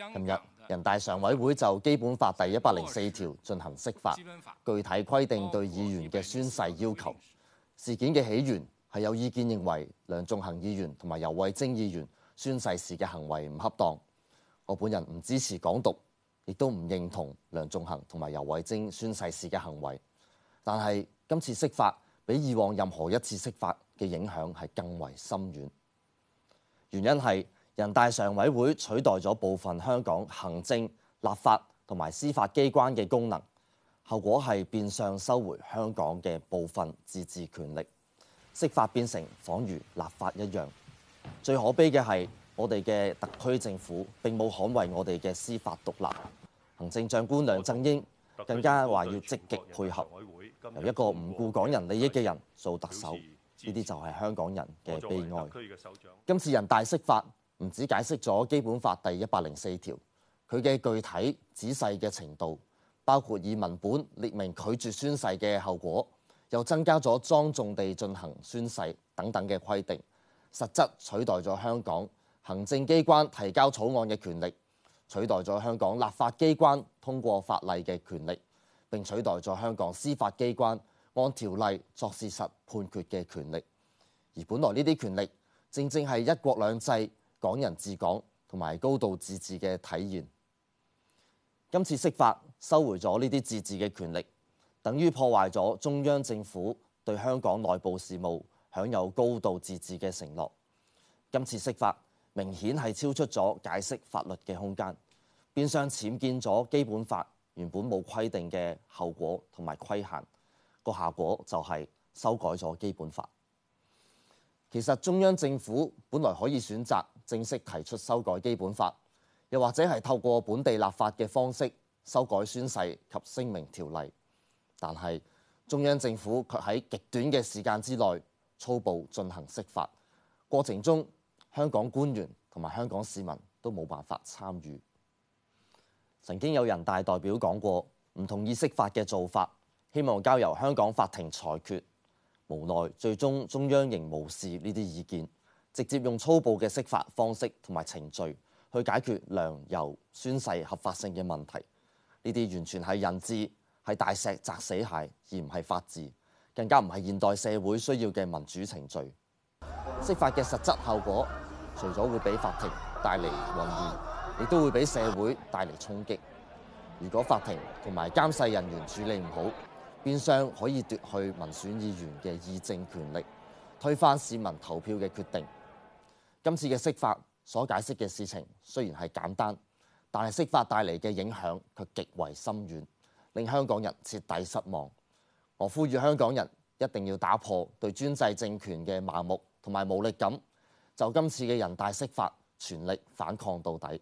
尋日，人大常委會就《基本法》第一百零四條進行釋法，具體規定對議員嘅宣誓要求。事件嘅起源係有意見認為梁頌恆議員同埋游蕙禎議員宣誓時嘅行為唔恰當。我本人唔支持港獨，亦都唔認同梁頌恆同埋游蕙禎宣誓時嘅行為。但係今次釋法比以往任何一次釋法嘅影響係更為深遠。原因係，人大常委會取代咗部分香港行政、立法同埋司法機關嘅功能，後果係變相收回香港嘅部分自治權力，釋法變成仿如立法一樣。最可悲嘅係，我哋嘅特區政府並冇捍衛我哋嘅司法獨立。行政長官梁振英更加話要積極配合，由一個唔顧港人利益嘅人做特首，呢啲就係香港人嘅悲哀。今次人大釋法，唔止解釋咗《基本法》第一百零四條，佢嘅具體、仔細嘅程度，包括以文本列明拒絕宣誓嘅後果，又增加咗莊重地進行宣誓等等嘅規定，實質取代咗香港行政機關提交草案嘅權力，取代咗香港立法機關通過法例嘅權力，並取代咗香港司法機關按條例作事實判決嘅權力。而本來呢啲權力正正係一國兩制、港人治港同埋高度自治嘅體現，今次釋法收回咗呢啲自治嘅權力，等於破壞咗中央政府對香港內部事務享有高度自治嘅承諾。今次釋法明顯係超出咗解釋法律嘅空間，變相僭建咗基本法原本冇規定嘅後果同埋規限。個效果就係修改咗基本法。其實中央政府本來可以選擇。正式提出修改基本法，又或者係透過本地立法嘅方式修改宣誓及聲明條例，但係中央政府卻喺極短嘅時間之內粗暴進行釋法，過程中香港官員同埋香港市民都冇辦法參與。曾經有人大代表講過唔同意釋法嘅做法，希望交由香港法庭裁決，無奈最終中央仍無視呢啲意見。直接用粗暴嘅釋法方式同埋程序去解決梁游宣誓合法性嘅問題，呢啲完全係人治，係大石砸死蟹，而唔係法治，更加唔係現代社會需要嘅民主程序。釋法嘅實質後果，除咗會俾法庭帶嚟混亂，亦都會俾社會帶嚟衝擊。如果法庭同埋監誓人員處理唔好，變相可以奪去民選議員嘅議政權力，推翻市民投票嘅決定。今次嘅釋法所解釋嘅事情雖然係簡單，但係釋法帶嚟嘅影響卻極為深遠，令香港人徹底失望。我呼籲香港人一定要打破對專制政權嘅麻木同埋無力感，就今次嘅人大釋法全力反抗到底。